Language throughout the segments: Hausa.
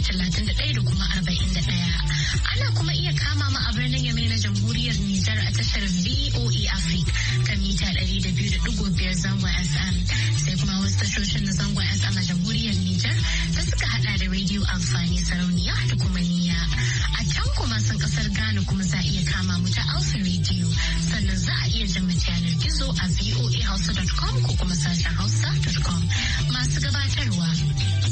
31 da kuma Ana kuma iya kama mu a birnin Yamai na Jamhuriyar Nijar a tashar boe Africa ta mita 200.5 zangon sm Sai kuma wasu tashoshin na zangon sm a Jamhuriyar Nijar da suka haɗa da rediyo amfani sarauniya. kasar Ghana kuma za a iya kama mu ta Alpha Radio sannan za a iya jama yanar gizo a voahausa.com ko kuma sashen hausa.com masu gabatarwa.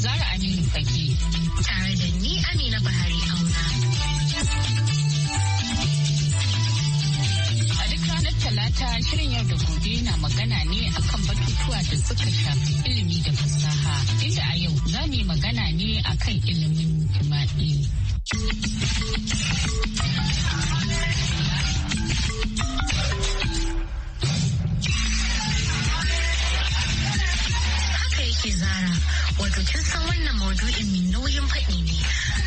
Zara Aminu Fage. Tare da ni Amina Buhari Auna. A duk ranar Talata shirin yau da gobe na magana ne akan batutuwa da suka shafi ilimi da fasaha inda a yau za mu yi magana ne akan ilimin jima'i. Haka yake zara, wato kin san wannan maudu'in mai nauyin faɗi ne,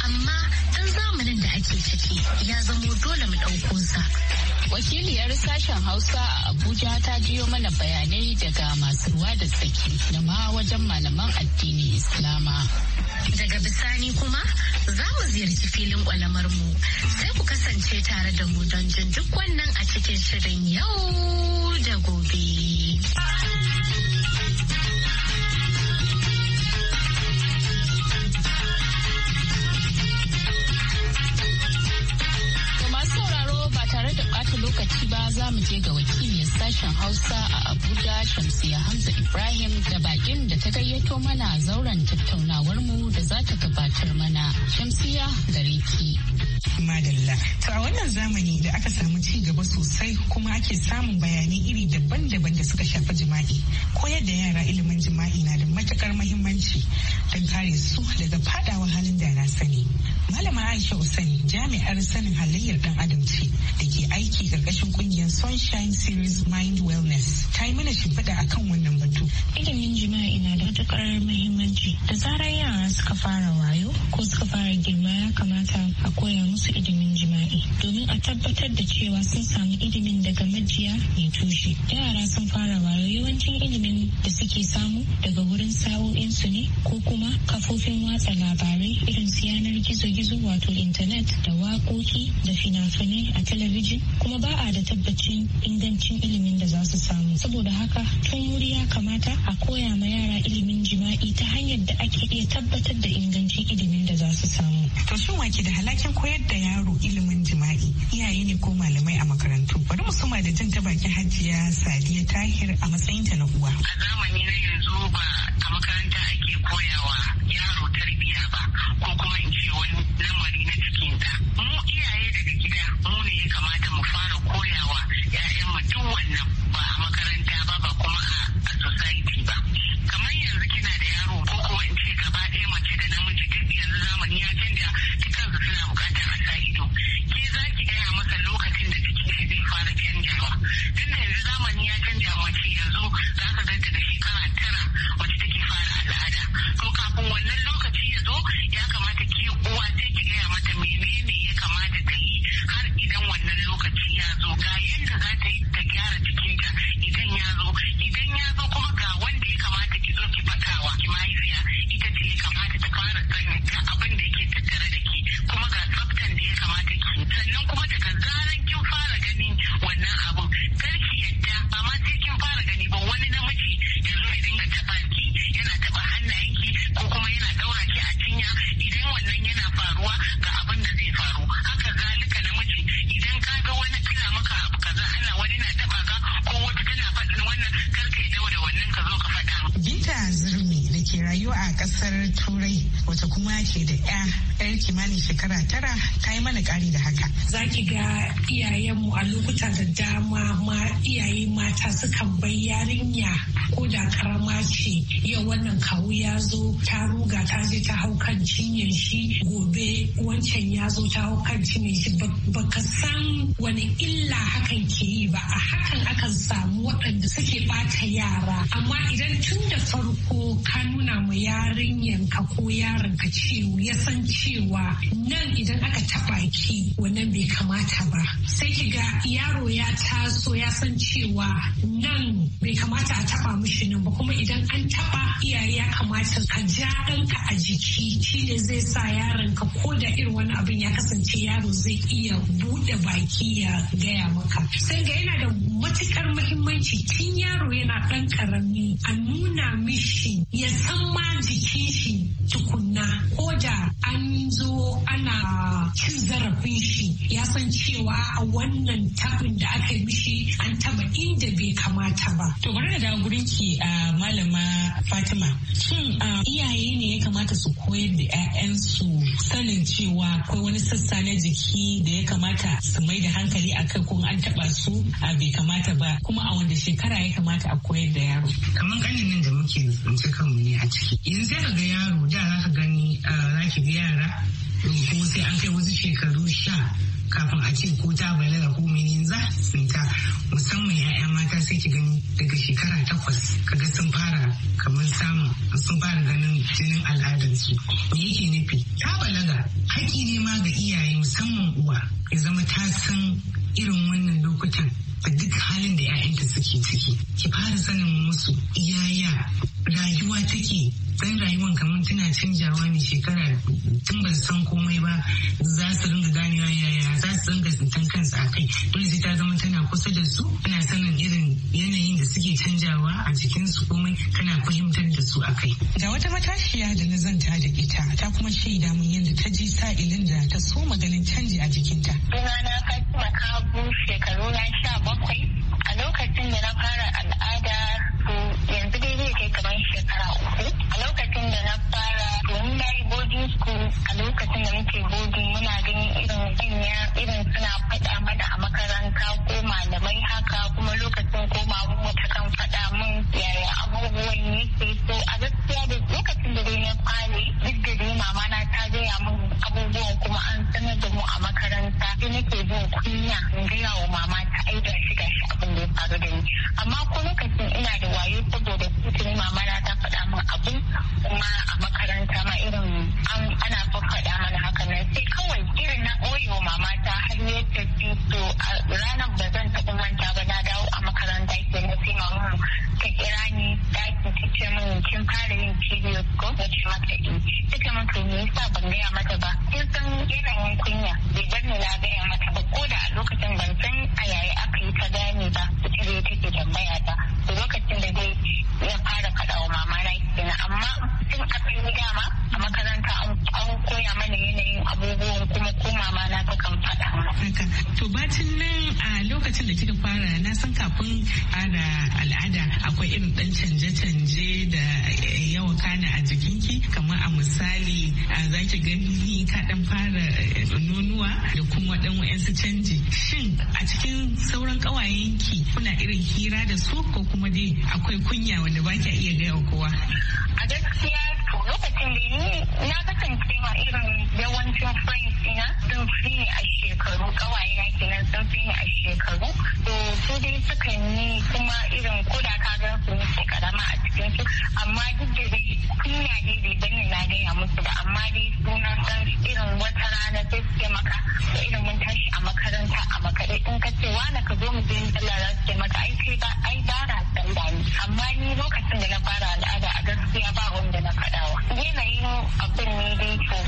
amma ɗan zamanin da ake ciki ya zamo dole mu ɗauko sa. Wakiliyar sashen Hausa a Abuja ta jiyo mana bayanai daga masu ruwa da tsaki da ma wajen malaman addinin Islama. Daga bisani kuma za mu ziyarci filin mu sai ku kasance tare da mu don jin duk wannan a cikin shirin yau da gobe. lokaci ba za mu je ga wakilin sashen Hausa a Abuja Shamsiya Hamza Ibrahim da bakin da ta gayyato mana zauren tattaunawar mu da za ta gabatar mana. Shamsiya gare ki. Madalla. To a wannan zamani da aka samu ci gaba sosai kuma ake samun bayanai iri daban-daban da suka shafi jima'i. Koyar da yara ilimin jima'i na da matukar mahimmanci don kare su daga fadawa halin da na sani. Malama Aisha Usani jami'ar sanin halayyar dan adam ce da ke aiki karkashin kungiyar Sunshine Series Mind Wellness. Ta yi mana shimfiɗa akan wannan batu. Ilimin jima'i matukar muhimmanci da zarar yara suka fara wayo ko suka fara girma ya kamata a koya musu ilimin jima'i domin a tabbatar da cewa sun samu ilimin daga majiya mai tushe yara sun fara wayo yawancin ilimin da suke samu daga wurin sa'o'insu ne ko kuma kafofin watsa labarai irin su yanar gizo-gizo wato intanet da waƙoƙi da fina-finai a talabijin kuma ba a da tabbacin ingancin ilimin da za su samu saboda haka tun wuri ya kamata a koya ma yara ilimin jima'i ta hanyar da ake iya tabbatar da ingancin ilimin da za su samu. To shin wake da halakin koyar da yaro ilimin jima'i iyaye ne ko malamai a makarantu. Bari mu suma da jin ta baki hajiya Sadiya Tahir a matsayin ta na uwa. A zamani na yanzu ba a makaranta ake koyawa yaro tarbiyya ba ko kuma in ce wani lamari na cikin da. Mu iyaye daga gida mu ne ya kamata mu fara koyawa mu duk wannan kasar turai wata kuma ke da ya yar kimanin shekara tara ta yi mana ƙari da haka za ki ga iyayenmu a lokuta da dama ma iyaye mata sukan bai yarinya ko da karama ce yau wannan kawu ya zo ta ruga ta je ta hau kan cinyar shi gobe wancan ya zo ta hau kan cinyar shi baka san wani illa hakan ke yi ba a hakan akan samu waɗanda suke bata yara amma idan tun da farko ka nuna ma yarinyarka ko ka cewa ya san cewa nan idan aka taɓa ki wannan bai kamata ba sai ki ga yaro ya taso ya san cewa nan bai kamata a taɓa kwamishinin ba kuma idan an taba iyaye ya kamata ka ja ɗanka a jiki shi ne zai sa yaron ka ko da irin wani abin ya kasance yaro zai iya buɗe baki ya gaya maka sai ga yana da matukar muhimmanci tun yaro yana ɗan karami a nuna mishi ya san ma jikin shi tukunna ko da an zo ana cin zarafin shi ya san cewa a wannan tabin da aka yi mishi an taba inda bai kamata ba to bari da gurin ki a malama Fatima. Shin iyaye ne ya kamata su koyar da 'ya'yansu sanin cewa akwai wani sassa na jiki da ya kamata su mai da hankali a kai kuma an taba su a bai kamata ba kuma a wanda shekara ya kamata a koyar da yaro. Kamar kanin nan da muke tsinci kanmu ne a ciki. Yanzu sai ka ga yaro da za ka gani za ki ga yara kuma sai an kai wasu shekaru sha kafin a ce ko ta balaga ko mene za tsinta musamman ya'ya mata sai ki gani daga shekara takwas kaga sun fara kamar samun sun fara ganin jinin al'adarsu me yake nufi ta balaga haƙi ne ma ga iyaye musamman uwa ya zama ta san irin wannan lokutan a duk halin da 'ya'yanta suke ciki ki fara sanin musu iyaya rayuwa take dan rayuwan kamar tana canjawa ne shekara tun ba san komai ba za su ringa ganewa yaya za su ringa tsintan kansu a kai dole sai ta zama tana kusa da su tana sanin irin yanayin da suke canjawa a jikin su komai kana fahimtar da su a kai. Ga wata matashiya da na zanta da ita ta kuma shaida mun yadda ta ji sa'ilin da ta so maganin canji a jikinta. Sunana Fatima Kabu shekaru na sha bakwai a lokacin da na fara al'ada shekara uku a lokacin da na fara domin na yi boarding school a lokacin da muke boarding muna ganin irin irin suna faɗa mana a makaranta ko malamai haka kuma lokacin To batun nan a lokacin da kika fara na san kafin fara al'ada akwai irin dan canje-canje da yawa kana a jikinki kamar a misali za ki gani ka dan fara eh, nonuwa da kuma dan canji. Shin a cikin sauran kawayenki kuna irin hira da su ko kuma dai akwai kunya wanda ba iya gaya kowa? A gaskiya to lokacin da ni na kasance ma irin yawancin friends ina sun fi ni a shekaru kawaye na kenan sun fi ni a shekaru to su dai sukan yi kuma irin koda ka ga su ne karama a cikin su amma duk da dai kunya dai bai bani na gaya musu ba amma dai suna san irin wata rana sai suke maka da irin mun tashi a makaranta a makaɗe in ka ce wani ka zo mu je mu za su ce maka ai kai ba ai ba san amma ni lokacin da na fara al'ada a gaskiya ba wanda na faɗa yanayin abin ne dai to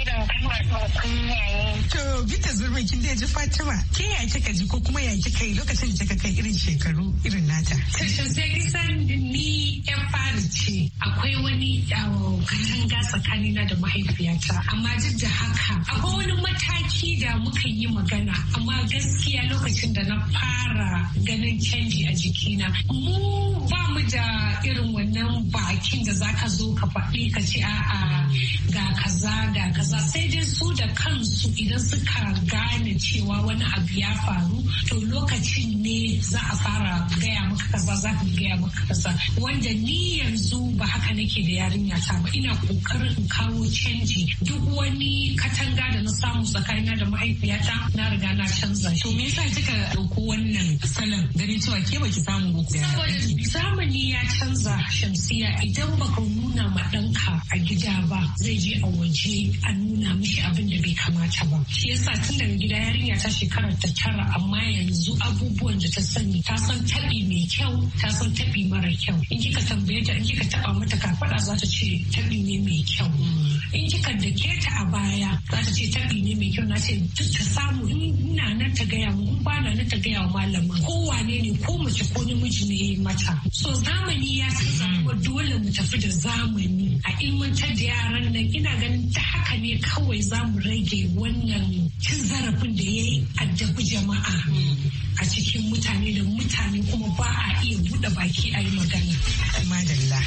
irin kana son kunya To Binta Zurmi kin ji Fatima ke ya kika ji ko kuma ya kika yi lokacin da kika kai irin shekaru irin nata. Tashin sai kisan ni yan fari ce akwai wani tsakani na da mahaifiyata amma duk da haka akwai wani mataki da muka yi magana amma gaskiya lokacin da na fara ganin canji a jikina mu ba mu da irin wannan bakin da zaka zo ka faɗi ka ce a'a ga kaza ga kaza sai dai su da kansu idan idan suka gane cewa wani abu ya faru to lokacin ne za a fara gaya maka kaza za ka gaya maka kaza wanda ni yanzu ba haka nake da yarinya ta ba ina kokarin kawo canji duk wani katanga da na samu tsakanina da mahaifiyata na riga na canza to me yasa kika dauko wannan salon ganin cewa ke baki samu ba zamani ya canza shamsiya idan baka nuna ma ɗanka a gida ba zai je a waje a nuna mishi abin da bai kamata ba shi yasa tun daga gida yarinya ta shekara ta tara amma yanzu abubuwan da ta sani ta san taɓi mai kyau ta san taɓi mara kyau in kika tambaye ta in kika taɓa mata kafaɗa za ta ce taɓi ne mai kyau mm. in kika dake ta a baya za ta ce taɓi ne mai kyau na ce duk ta samu ina nan ta gaya mu in ba nan ta gaya wa malamin wane ne ko mace ko namiji ne ya yi mata so zamani ya san dole mu tafi da zamani a ilmantar da yaran nan ina ganin ta haka ne kawai za mu rage wannan wannan cin zarafin da ya yi addabi jama'a a cikin mutane da mutane kuma ba a iya buɗe baki a yi magana. Madalla.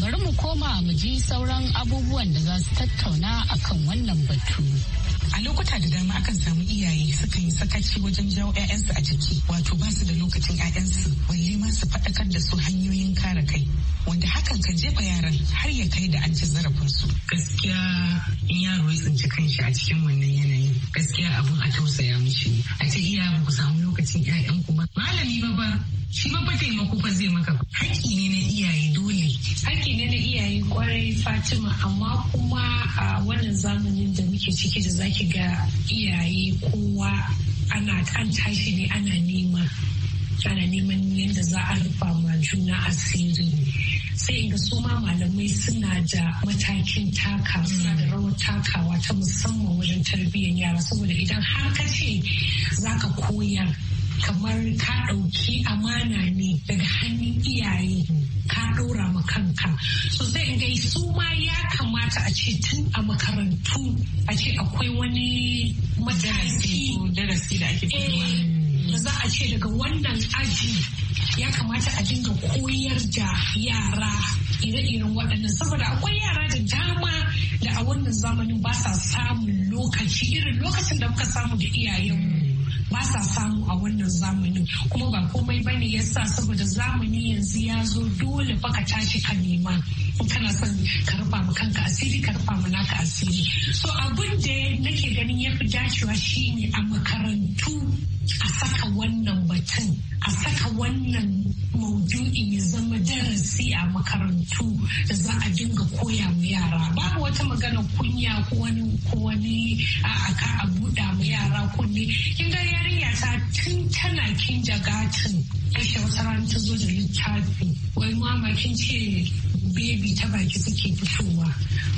bari mu koma mu ji sauran abubuwan da za su tattauna akan wannan batu. a lokuta da dama akan samu iyaye sukan yi sakaci wajen jawo 'ya'yansu a jiki wato ba su da lokacin 'ya'yansu balle ma su faɗakar da su hanyoyin kare kai wanda hakan ka jefa yaran har ya kai da an ci zarafinsu. gaskiya in yaro ya tsinci kanshi a cikin wannan yanayin gaskiya abun a tausaya mishi a ce iya ba ku samu lokacin 'ya'yanku ba malami ba ba shi ba taimako ba zai maka haƙƙi ne na iyaye dole haƙƙi ne na iyaye kwarai fatima amma kuma a wannan zamanin da muke ciki da zaki ga iyaye kowa ana an tashi ne ana nema ana neman yadda za a rufa ma juna asiri sai ga su ma malamai suna da matakin taka suna da rawar takawa ta musamman wajen tarbiyyar yara saboda idan har ka ce za ka koya. kamar ka ɗauki amana ne daga hannun iyaye ka ɗora ma kanka so zai ga su ma ya kamata a ce tun a makarantu a ce akwai wani mataki darasi da ake eh, da za a ce daga wannan aji ya kamata a dinga koyar da yara ire-iren waɗannan saboda akwai yara da dama da a wannan zamanin ba sa samun lokaci irin lokacin da muka samu da iyayenmu ba sa samu a wannan zamani kuma ba komai ba ne yasa saboda zamani yanzu ya zo dole baka tashi ka nema kana son ka rufa ma kanka asiri ka rufa ma naka asiri so abin da nake ganin ya fi dacewa shine a makarantu a saka wannan batun a saka wannan maudu'i ya zama darasi a makarantu da za a dinga koya mu yara babu wata magana kunya ko wani ko wani a ka a buɗa mu yara kunne kin ga yarinya ta tun tana kin jaga tun wata rana ta zo da littafi wai mamakin kin ce bebi ta baki suke fitowa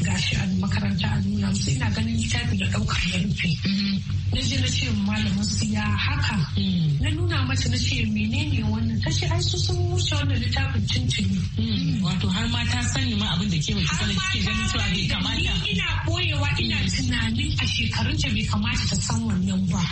gashi a makaranta a nuna musu ina ganin littafi da ɗaukar ya rufe na ji na ce malamin su ya haka mm. na nuna mata na ce menene wannan ta ce ai su sun wuce wannan littafin tuntuni mm. wato har ma ta sani ma abin da ke baki sanin kike ganin cewa bai kamata ina koyewa ina mm. tunanin a shekarunta bai kamata ta san wannan ba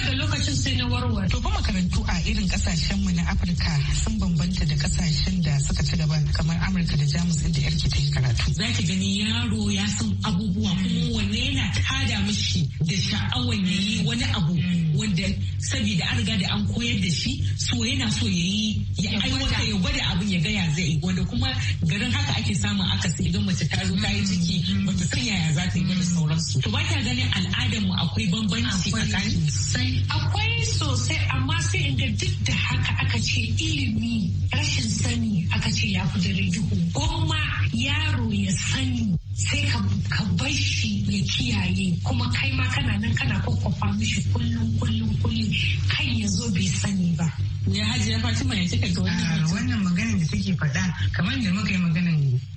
daga lokacin sai na warware to fa makarantu a irin kasashen mu na Afirka sun bambanta da kasashen da suka ci gaba kamar Amurka da za mu san da yarki ta yi karatu. Za ki gani yaro ya san abubuwa kuma wanne yana tada mishi da sha'awar ya yi wani abu wanda saboda an riga da an koyar da shi so yana so ya yi ya aiwata ya gwada abin ya gaya zai wanda kuma garin haka ake samun sai idan mace ta zo ta yi ciki wata san yaya za ta yi wani sauransu. To ba ta ganin al'adar mu akwai bambanci tsakani. Akwai sosai amma sai in ga duk da haka aka ce ilimi rashin sani aka ce ya fi dare duhu. kuma yaro ya sani sai ka bar shi ya kiyaye kuma kai ma kana nan kana kwakwafa mishi kullum kullum kullum kan ya zo bai sani ba. Ya ya fashi mai cika ga ah, wannan maganar da take faɗa kamar da muka yi maganar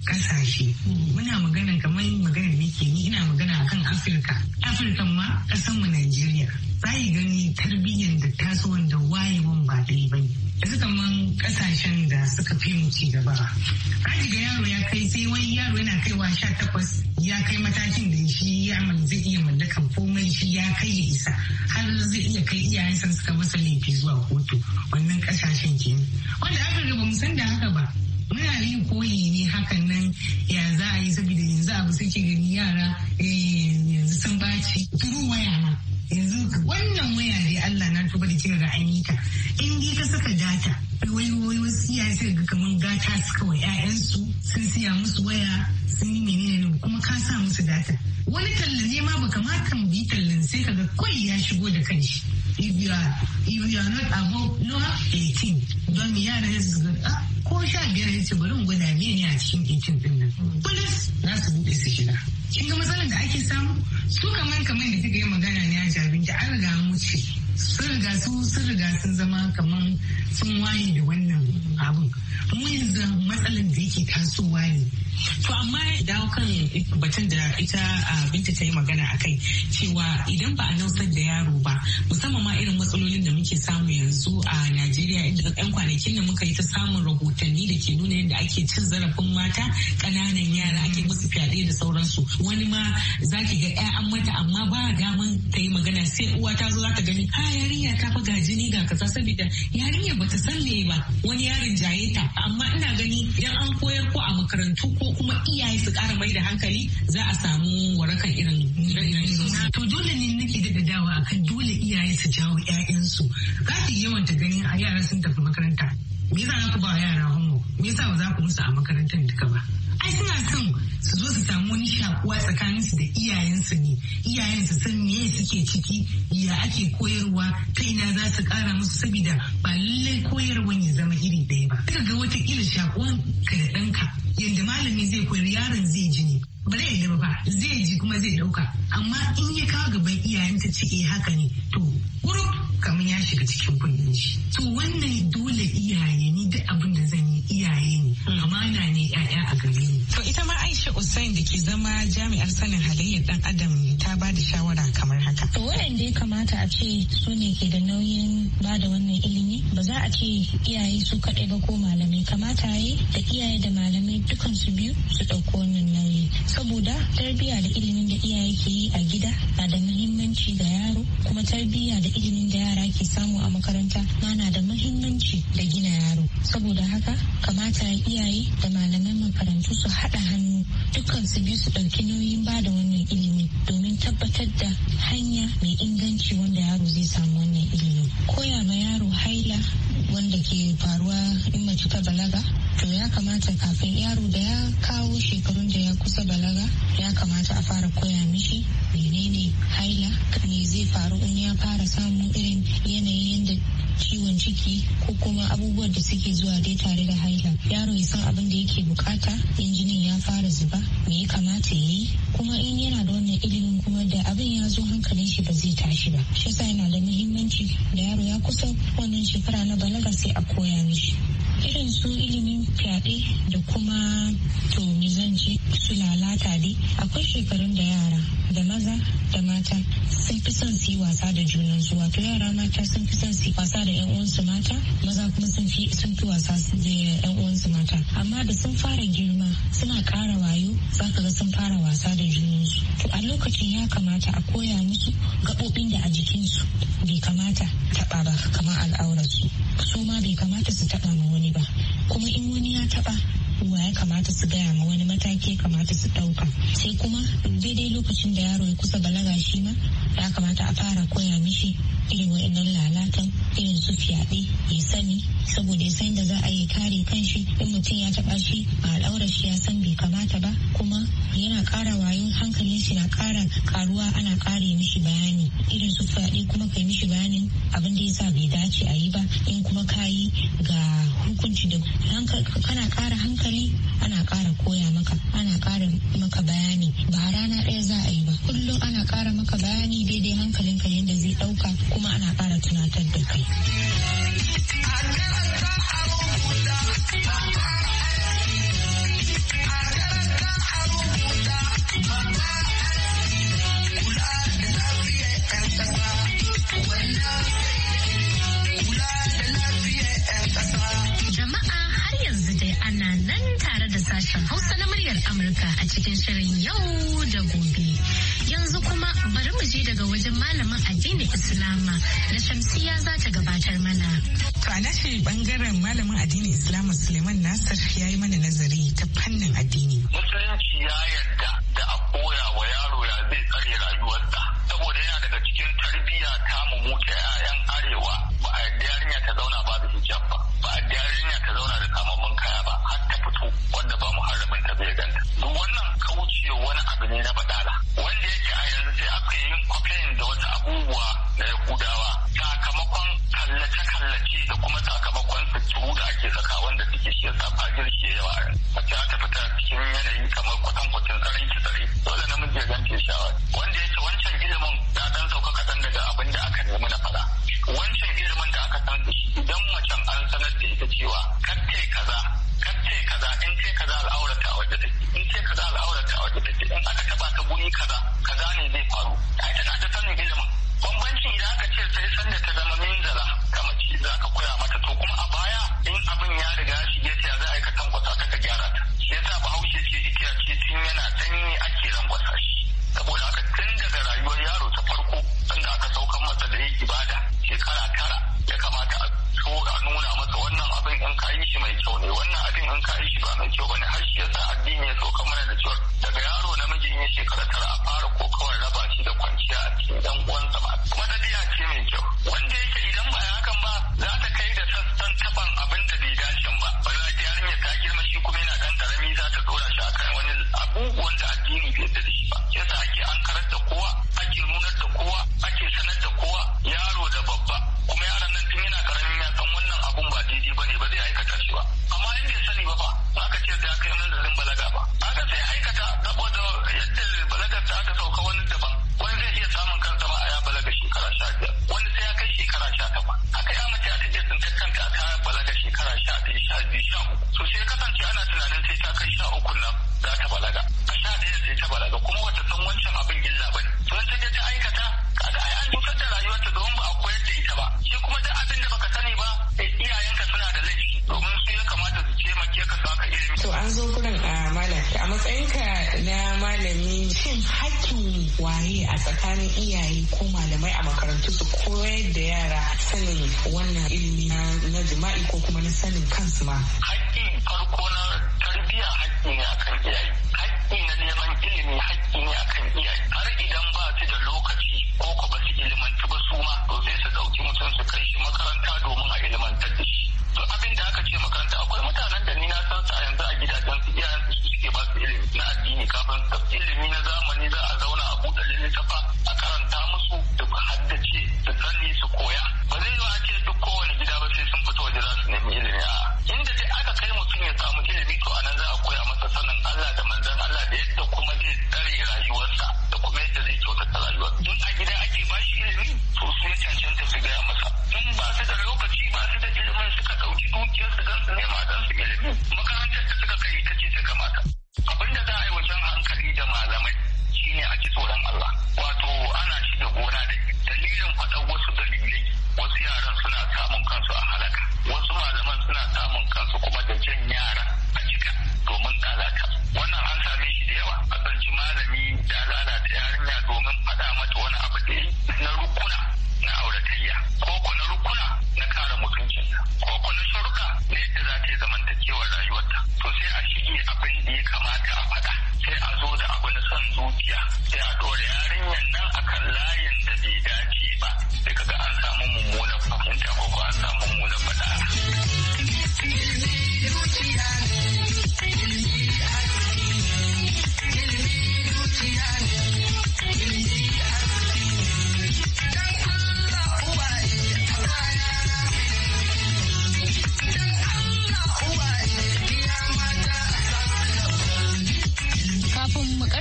kasashe hmm. muna magana kamar magana ke ni ina magana akan afirka afirka ma kasan mu najeriya za gani tarbiyyar da tasowar wanda wayewan ba ɗaya ba ne yanzu kaman kasashen da suka fi mu ci gaba ba ga yaro ya kai sai wani yaro yana kaiwa sha takwas ya kai matakin da shi ya zai iya mallakan komai shi ya kai ya isa har zai iya kai iyayensa suka masa laifi zuwa kotu wannan kasashen ke wanda aka riba mu san da haka ba muna yin koyi ne hakan nan ya za a yi saboda yanzu abu suke gani yara eh, yanzu sun baci turu waya yanzu wannan waya dai Allah na tuba da kika ga an yi in dai ka saka data wai wai wasu iyaye sai ga kaman gata suka wa ƴaƴansu sun siya musu waya sun yi menene kuma ka sa musu data wani talla ne ma baka ma kan bi tallan sai kaga kai ya shigo da kanshi if you are if you are not don yara ya su ga ah, ko sha biyar ya ce bari mu gwada mene ne a cikin 18 din nan polis na su buɗe su shiga kin ga matsalar da ake samu su kamar kaman da kika yi magana ne a jabinta an riga an wuce sun riga su sun riga sun zama kamar sun waye da wannan abun mu yanzu matsalin da yake tasowa ne to amma dawo kan batun da ita binta ta yi magana a kai cewa idan ba a nausar da yaro ba musamman ma irin matsalolin da muke samu yanzu a najeriya inda yan kwanakin da muka yi ta samun rahotanni da ke nuna yadda ake cin zarafin mata ƙananan yara ake musu fyaɗe da sauransu wani ma za ki ga 'ya'yan mata amma ba daman ta yi magana sai uwa ta zo za ta gani ha yarinya ta fi jini ga kaza saboda yarinya bata san me ba wani yarin jaye ta amma ina gani idan an koyar ko a makarantu ko kuma iyaye su kara mai da hankali za a samu warakan irin irin to dole ne nake da dawa akan dole iyaye su jawo 'ya'yansu kafi yawan ta ganin a yara sun tafi makaranta me za ku ba yara homework me yasa ba za ku musu a makarantar duka ba ai suna son su zo su samu wani shakuwa tsakaninsu da iyayensu ne iyayen su san me suke ciki ya ake koyarwa ta ina za su kara musu saboda ba lallai koyarwan ya zama iri ɗaya ba ka ga wata kila shakuwan ka da ɗanka yadda malami zai koyar yaron zai ji ne ba zai yadda ba zai ji kuma zai ɗauka amma in ya kawo gaban iyayen ta ciki eh, haka ne to kurup kamar ya shiga cikin kunnen to wannan dole iyaye ni duk abin da zan yi iyaye Mm. amana ne ya'ya a gare To ita ma Aisha Usain da ke zama jami'ar sanin halayyar dan Adam ta ba da shawara kamar haka. To waɗanda ya kamata a ce su ne ke da nauyin ba da wannan ilimi ba za a ce iyaye su kaɗai ba ko malamai kamata yi da iyaye da malamai dukkan su biyu su ɗauko wannan nauyi saboda tarbiyya da ilimin da iyaye ke yi a gida na da muhimmanci ga yaro kuma tarbiyya da ilimin da yara ke samu a makaranta ma na da muhimmanci da gina yaro saboda haka kamata iyaye da malaman makarantu su haɗa hannu dukkan su biyu su ɗauki nauyin ba da wannan ilimi domin tabbatar da hanya mai inganci wanda yaro zai samu wannan ilimi koya ma yaro haila wanda ke faruwa in mace ta balaga to ya kamata kafin yaro da ya kawo shekarun da ya kusa balaga ya kamata a fara koya mishi menene haila me zai faru in ya fara samun irin yanayin da ciwon ciki ko kuma abubuwan da suke zuwa dai tare da haila yaro ya san abin da yake bukata injinin ya fara zuba me ya kamata ya yi kuma in yana da wannan ilimin kuma da abin ya zo hankalin shi ba zai tashi ba shi yasa yana da muhimmanci da yaro ya kusa wannan shekara na balaga sai a koya mishi irin su ilimin fyaɗe da kuma to zan su lalata dai akwai shekarun da yara da maza da mata sun fi son su yi wasa da junansu wato yara mata sun fi son su yi wasa da 'yan uwansu mata maza kuma sun fi sun fi wasa da 'yan uwansu mata amma da sun fara girma suna kara wayo za ka ga sun fara wasa da junansu to a lokacin ya kamata a koya musu gaɓoɓin da a jikinsu bai kamata taɓa ba kamar al'aurarsu su ma bai kamata su taba ma wani ba kuma in wani ya taba wa ya kamata su gaya ma wani mataki ya kamata su ɗauka sai kuma daidai lokacin da yaro ya kusa balaga shi ma ya kamata a fara koya mishi irin wa'annan lalatan irin su fyaɗe ya sani saboda ya san da za a yi kare kanshi in mutum ya taɓa shi a al'aurar shi ya san bai kamata ba kuma yana ƙara wayo hankalin shi na ƙara karuwa ana ƙare mishi bayani irin su fyaɗe kuma kai mishi bayanin abin da ya sa bai dace a yi ba in kuma ka yi ga hukunci da kana ƙara hankali gani ana ƙara koya maka ana ƙara maka bayani ba rana ɗaya za a yi ba kullum ana ƙara maka bayani daidai hankalinka yadda zai ɗauka kuma ana ƙara tunatar da kai. sashen Hausa na muryar Amurka a cikin shirin yau da gobe. Yanzu kuma bari mu je daga wajen malamin addinin Islama da Shamsiya za ta gabatar mana. To a nashi bangaren malamin addinin Islama Suleiman Nasir ya yi mana nazari ta fannin addini. Musulunci ya yarda su koyar da yara sanin wannan ilimi na jima'i ko kuma na sanin kansu ma. Hakkin farko na tarbiyya hakki ne akan iyaye. Hakki na neman ilimi hakki ne akan iyaye. Har idan ba su da lokaci ko ko ba su ilimanci ba su ma to sai su ɗauki mutum su kai shi makaranta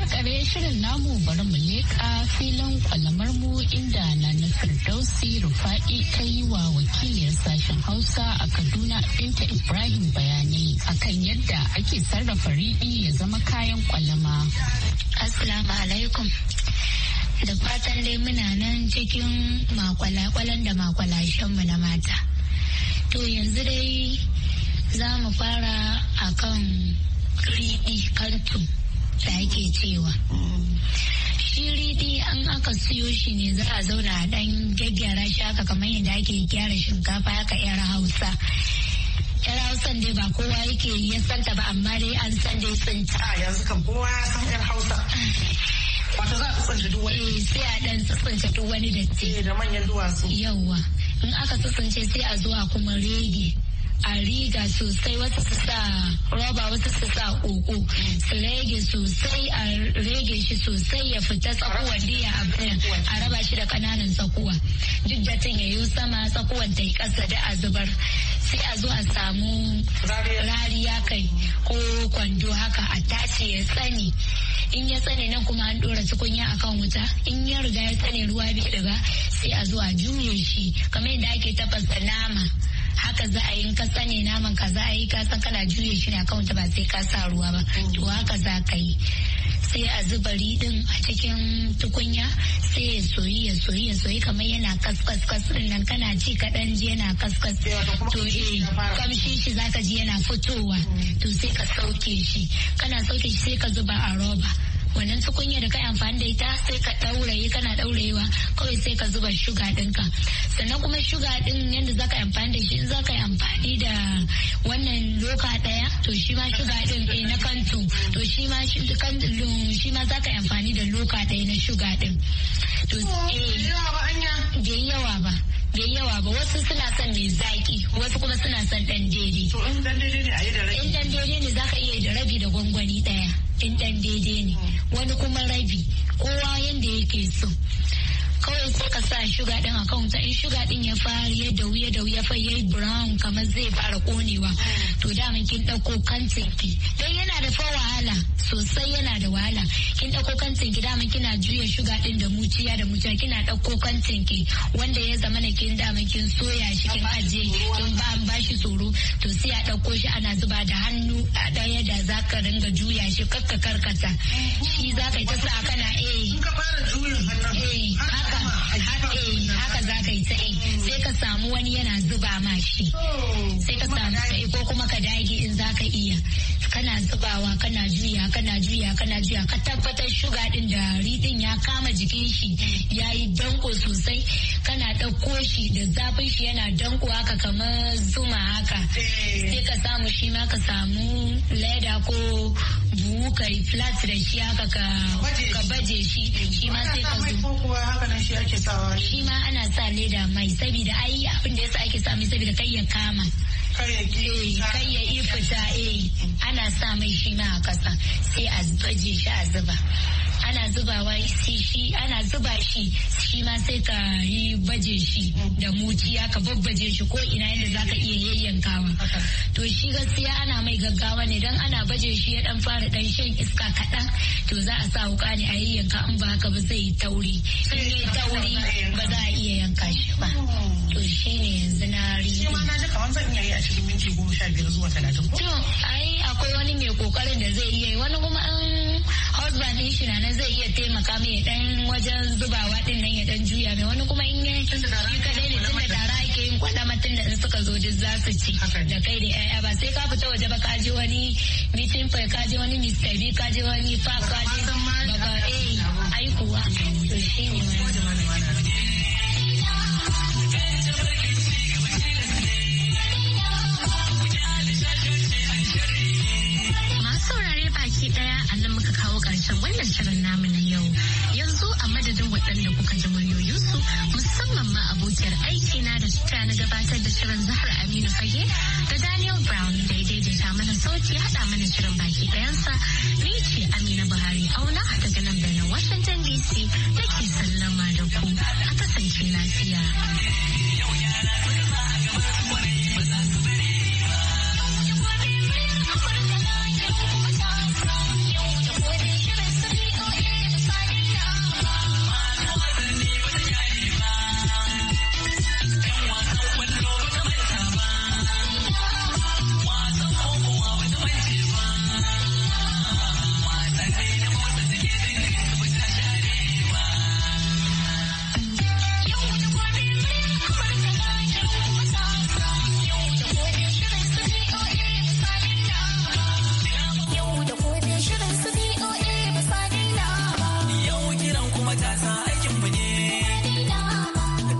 kare shirin namu bari mu leƙa filin kwalamar mu inda na nufin dausi rufa'i ta yi wa wakiliyar sashen hausa a kaduna binta ibrahim bayanai akan yadda ake sarrafa riɗi ya zama kayan kwalama assalamu alaikum da fatan dai muna nan cikin makwalakwalan da mu na mata to yanzu dai za mu fara akan riɗi kantu da ake cewa Shiri dai an aka siyo shi ne za a zauna a ɗan gyaggyara shi haka kamar yadda ake gyara shinkafa haka yar hausa yar hausan dai ba kowa yake ya santa ba amma dai an san dai tsinta a yanzu kan kowa ya san yar hausa wato za a tsinta duk wani eh, sai a dan tsinta duk wani datti eh, da manyan duwatsu yawwa in aka tsince sai a zo a kuma rege a riga sosai wasu su sa roba wasu su sa koko su rage sosai a rage shi sosai ya fita tsakuwa diya a raba shi da kananan tsakuwa duk da ya yi sama tsakuwar ta yi kasa da a zubar sai a zo a samu rariya kai ko kwando haka a tace ya tsani in ya tsane nan kuma an dora tukunya a kan wuta in ya riga ya tsane ruwa bai daga sai a zo a juye shi kamar yadda ake tafasa nama haka za a yi ka sani naman ka za a yi ka san kana juye shi na kawunta ba sai ka sa ruwa ba to haka za ka yi sai a zuba ridin a cikin tukunya sai ya soyi ya soyi ya soyi kamar yana kaskas kasrin nan kana ci kaɗan ji yana kaskas to eh kamshin shi zaka ji yana fitowa to sai ka sauke shi kana sauke shi sai ka zuba a roba wannan tukunya da kai amfani da ita sai ka ɗauraye kana ɗaurayewa kawai sai ka zuba shuga ɗinka sannan kuma shuga ɗin yadda za ka yi amfani da shi in za ka yi amfani da wannan loka ɗaya to shi ma shuga ɗin ɗaya eh, na kantu to shi ma shi ma za ka yi amfani da loka ɗaya na shuga ɗin. To eh yawa ba bai yawa ba wasu suna son mai zaki wasu kuma suna son ɗan daidai. To in ɗan daidai ne a yi da rabi. In ɗan daidai ne za ka iya da rabi da gwangwani ɗaya. in ɗan daidai ne wani kuma rabi kowa yanda yake so kawai sai ka sa shuga din a kan in shuga din ya fara ya dauya dauya fa yayi brown kamar zai fara konewa to mun kin dauko kantin ki don yana da fa wahala sosai yana da wahala kin dauko kantin ki mun kina juya shuga din da muciya da muciya kina dauko kantin ki wanda ya zama na kin mun kin soya shi kin aje don ba an bashi tsoro to sai a dauko shi ana zuba da hannu a daya da zaka ringa juya shi kakka karkata shi zaka yi ta sa kana eh samu wani yana zuba ma shi sai ka samu sai ko kuma ka dage in za ka iya kana zubawa kana juya kana juya kana juya ka tabbatar shuga din da ridin ya kama jikin shi ya yi danko sosai kana ɗauko shi da zafin shi yana danko haka kamar zuma haka eh. sai ka samu shi ma ka samu leda ko buhu ka yi flat da shi haka ka baje shi shi ma sai ka zo shi ma ana sa leda mai saboda ai abin da yasa ake sa mai saboda kai ya kama kai ya ifita eh, eh ana sa mai shi ma a kasa sai a baje shi a zuba ana zubawa shi ana zuba shi shi ma sai ka yi baje shi da muciya ka babbaje shi ko ina yadda zaka iya yayyankawa to shi gaskiya ana mai gaggawa ne dan ana baje shi ya dan fara dan shan iska kaɗan to za a sa wuka ne a yayyanka in ba haka ba zai yi tauri in yi tauri ba za a iya yanka shi ba to shi ne yanzu na shi kamar zan iya yi a cikin minti goma sha zuwa talatin ko ai akwai wani mai kokarin da zai iya yi wani kuma an husband din shi na nan zai iya taimaka mai dan wajen zubawa din nan ya dan juya mai wani kuma in ya kadai ne tunda tara ake yin kwalamatin da in suka zo duk za su ci da kai da yaya ba sai ka fita waje ba ka je wani mitin fai ka je wani Mr. B ka je wani fa ka je ba eh kuwa. muka kawo ƙarshen wannan shirin namu na yau. Yanzu a madadin waɗanda kuka ji muryoyinsu musamman ma abokiyar aiki na da ta na gabatar da shirin Zahra Aminu Fage da Daniel Brown da ya daidaita mana sauti haɗa mana shirin baki ɗayansa. Ni ce Amina Buhari Auna daga nan birnin Washington DC ke sallama da ku a kasance lafiya.